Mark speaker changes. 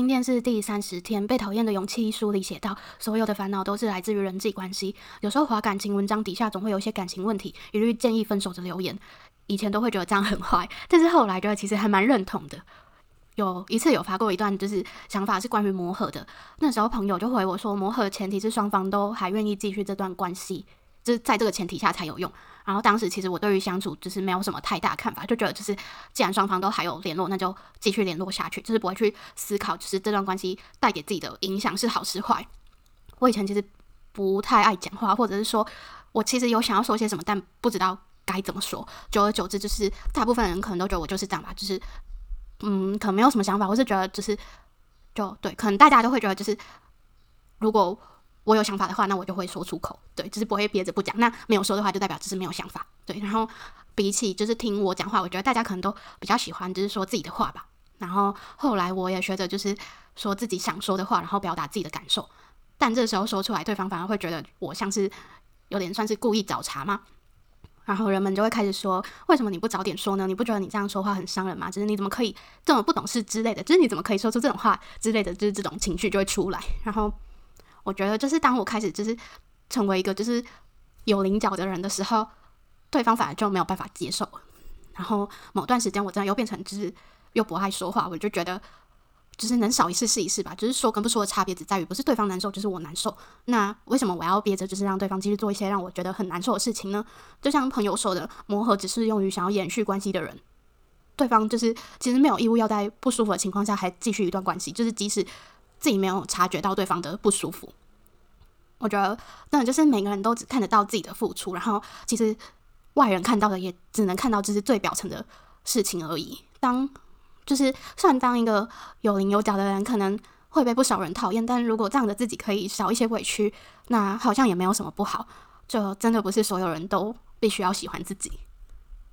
Speaker 1: 今天是第三十天，《被討厭的勇氣》書裡寫到，所有的煩惱都是來自於人際關係。有時候發感情文章底下，總會有一些感情問題，一律建議分手的留言。以前都會覺得這樣很壞，但是後來覺得其實還蠻認同的。有一次有發過一段，就是想法是關於磨合的。那時候朋友就回我說，磨合的前提是雙方都還願意繼續這段關係。就是在這個前提下才有用。然後當時其實我對於相處就是沒有什麼太大的看法，就覺得就是既然雙方都還有聯絡，那就繼續聯絡下去。就是不會去思考，就是這段關係帶給自己的影響是好是壞。我以前其實不太愛講話，或者是說我其實有想要說些什麼，但不知道該怎麼說。久而久之，就是大部分人可能都覺得我就是這樣吧。就是嗯，可能沒有什麼想法。或是覺得就是就對，可能大家都會覺得就是如果。我有想法的話，那我就會說出口，對，只、就是不會憋着不講。那沒有說的話，就代表只是沒有想法，對。然後，比起就是聽我講話，我覺得大家可能都比較喜歡，就是說自己的話吧。然後後來我也學着就是說自己想說的話，然後表達自己的感受。但這時候說出來，對方反而會覺得我像是有點算是故意找茬嘛。然後人們就會開始說：“為什麼你不早點說呢？你不覺得你這樣說話很傷人嗎？就是你怎麼可以這麼不懂事之類的？就是你怎麼可以說出這種話之類的？就是這種情緒就會出來。”然後。我覺得就是當我開始就是成為一個就是有稜角的人的時候，對方反而就沒有辦法接受。然後某段時間我真的又變成就是又不愛說話，我就覺得就是能少一次是一次吧。就是說跟不說的差別只在於不是對方難受，就是我難受。那為什麼我要憋着，就是讓對方繼續做一些讓我覺得很難受的事情呢？就像朋友說的，磨合只適用於想要延續關係的人，對方就是其實沒有義務要在不舒服的情況下還繼續一段關係，就是即使。自己沒有察覺到對方的不舒服，我覺得，那就是每個人都只看得到自己的付出，然後其實外人看到的也只能看到就是最表層的事情而已。當就是算當一個有稜有角的人，可能會被不少人討厭，但如果這樣的自己可以少一些委屈，那好像也沒有什麼不好，就真的不是所有人都必須要喜歡自己。